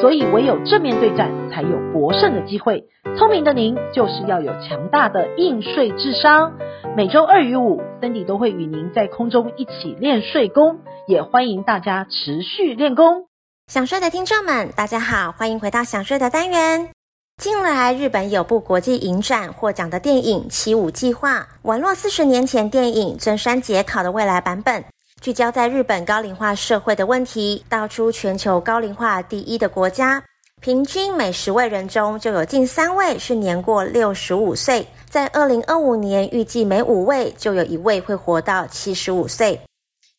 所以唯有正面對戰，才有博勝的機會。聰明的您，就是要有強大的應睡智商。每周二與五，Cindy 都會與您在空中一起練睡功，也歡迎大家持續練功。想睡的聽眾們，大家好，歡迎回到想睡的單元。近來日本有部國際影展獲獎的電影《起舞計劃》，宛若四十年前電影《楢山節考》的未來版本。聚焦在日本高齡化社會的問題，道出全球高齡化第一的國家，平均每十位人中就有近三位是年過六十五歲，在二零二五年預計每五位就有一位會活到七十五歲。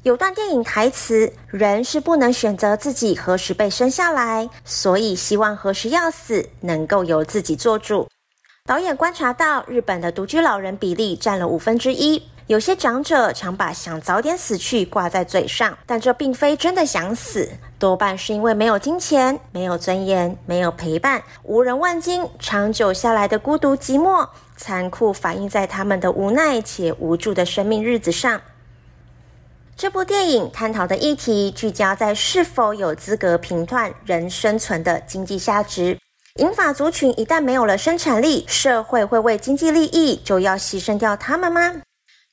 有段電影台詞：“人是不能選擇自己何時被生下來，所以希望何時要死能夠由自己做主。”導演觀察到，日本的獨居老人比例占了五分之一。有些長者常把想早點死去掛在嘴上，但這並非真的想死，多半是因為沒有金錢、沒有尊嚴、沒有陪伴、無人問津，長久下來的孤獨寂寞，殘酷反映在他們的無奈且無助的生命日子上。這部電影探討的議題聚焦在是否有資格評斷人生存的經濟價值。銀髮族群一旦沒有了生產力，社會會為經濟利益就要犧牲掉他們嗎？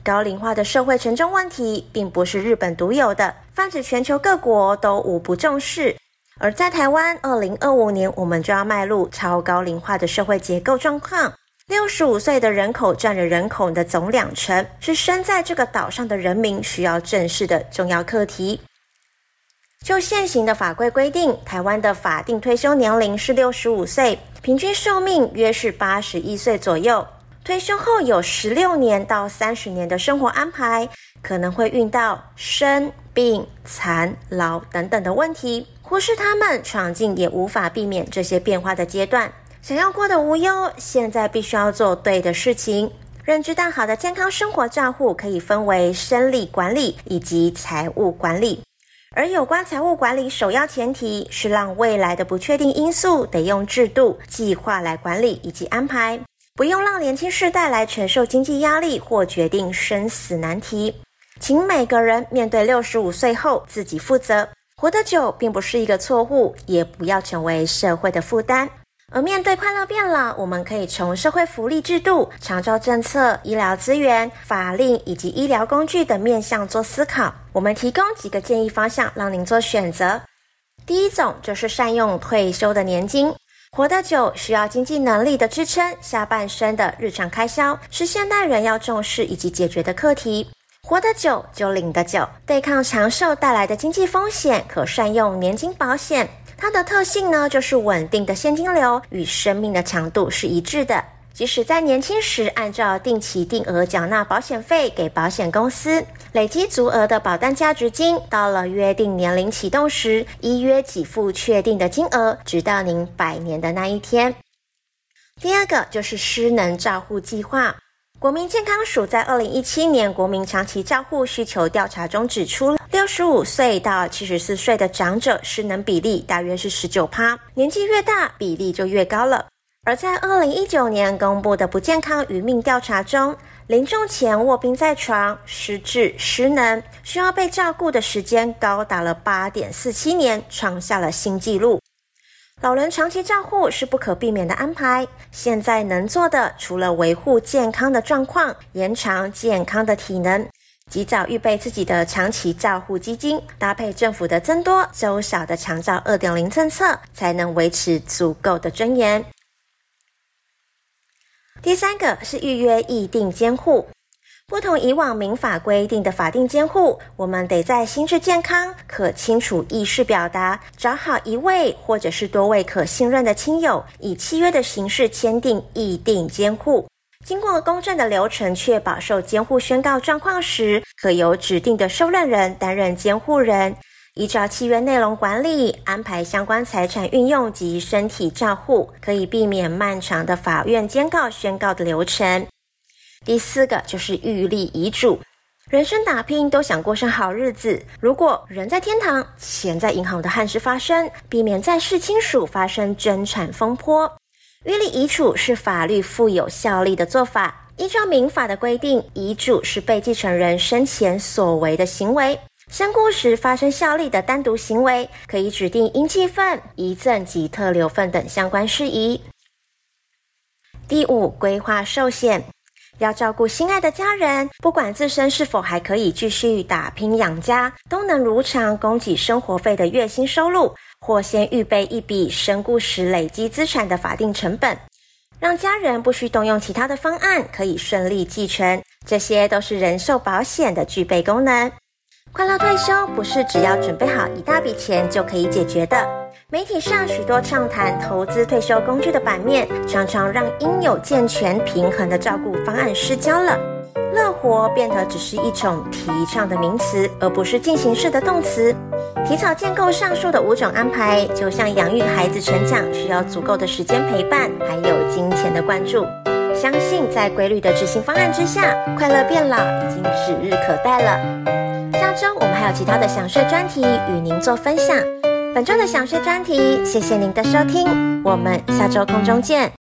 高齡化的社會沉重問題，並不是日本獨有的，泛指全球各國都無不重視。而在台灣，二零二五年我們就要邁入超高齡化的社會結構狀況，六十五歲的人口占了人口的總兩成，是身在這個島上的人民需要正視的重要課題。就現行的法規規定，台灣的法定退休年齡是六十五歲，平均壽命約是八十一歲左右。退休後有十六年到三十年的生活安排，可能會遇到生病、殘老等等的問題。忽視他們，闖進也無法避免這些變化的階段。想要過得無憂，現在必須要做對的事情。認知到好的健康生活賬戶可以分為生理管理以及財務管理。而有關財務管理，首要前提是讓未來的不確定因素得用制度、計劃來管理以及安排。不用讓年輕世代來承受經濟壓力或決定生死難題，請每個人面對六十五歲後自己負責。活得久並不是一個錯誤，也不要成為社會的負擔。而面對快樂變老，我們可以從社會福利制度、長照政策、醫療資源、法令以及醫療工具等面向做思考。我們提供幾個建議方向，讓您做選擇。第一種就是善用退休的年金。活得久需要經濟能力的支撐，下半生的日常開銷是現代人要重視以及解決的課題。活得久就領得久，對抗長壽帶來的經濟風險，可善用年金保險。它的特性呢，就是穩定的現金流與生命的長度是一致的。即使在年輕時，按照定期定額繳納保險費給保險公司，累積足額的保單價值金，到了約定年齡啟動時，依約給付確定的金額，直到您百年的那一天。第二個就是失能照護計劃。國民健康署在二零一七年國民長期照護需求調查中指出，六十五歲到七十四歲的長者失能比例大約是十九趴，年紀越大比例就越高了。而在二零一九年公布的不健康餘命調查中，臨終前臥病在床、失智失能，需要被照顧的時間高達了八點四七年，創下了新紀錄。老人長期照護是不可避免的安排。現在能做的，除了維護健康的狀況、延長健康的體能，及早預備自己的長期照護基金，搭配政府的增多、周少的長照二點零政策，才能維持足夠的尊嚴。第三個是預約意定監護，不同以往民法規定的法定監護，我們得在心智健康、可清楚意識表達，找好一位或者是多位可信任的親友，以契約的形式簽訂意、意定監護，經過公證的流程，確保受監護宣告狀況時，可由指定的受任人擔任監護人。依照契約內容管理，安排相關財產運用及身體照護，可以避免漫長的法院監護宣告的流程。第四個就是預立遺囑，人生打拼都想過上好日子，如果人在天堂，錢在銀行的憾事發生，避免在世親屬發生爭產風波。預立遺囑是法律富有效力的做法。依照民法的規定，遺囑是被繼承人生前所為的行為。身故時發生效力的單獨行為，可以指定應繼分、遺贈及特留份等相關事宜。第五，規劃壽險，要照顧心愛的家人，不管自身是否還可以繼續打拼養家，都能如常供給生活費的月薪收入，或先預備一筆身故時累積資產的法定成本，讓家人不需動用其他的方案，可以順利繼承。這些都是人壽保險的具備功能。快樂退休不是只要準備好一大筆錢就可以解決的。媒體上許多暢談投資退休工具的版面，常常讓應有健全平衡的照顧方案失焦了。樂活變得只是一種提倡的名詞，而不是進行式的動詞。提早建構上述的五種安排，就像養育孩子成長需要足夠的時間陪伴，還有金錢的關注。相信在規律的執行方案之下，快樂變老已經指日可待了。周我們還有其他的想睡專題與您做分享，本周的想睡專題，謝謝您的收聽，我們下周空中見。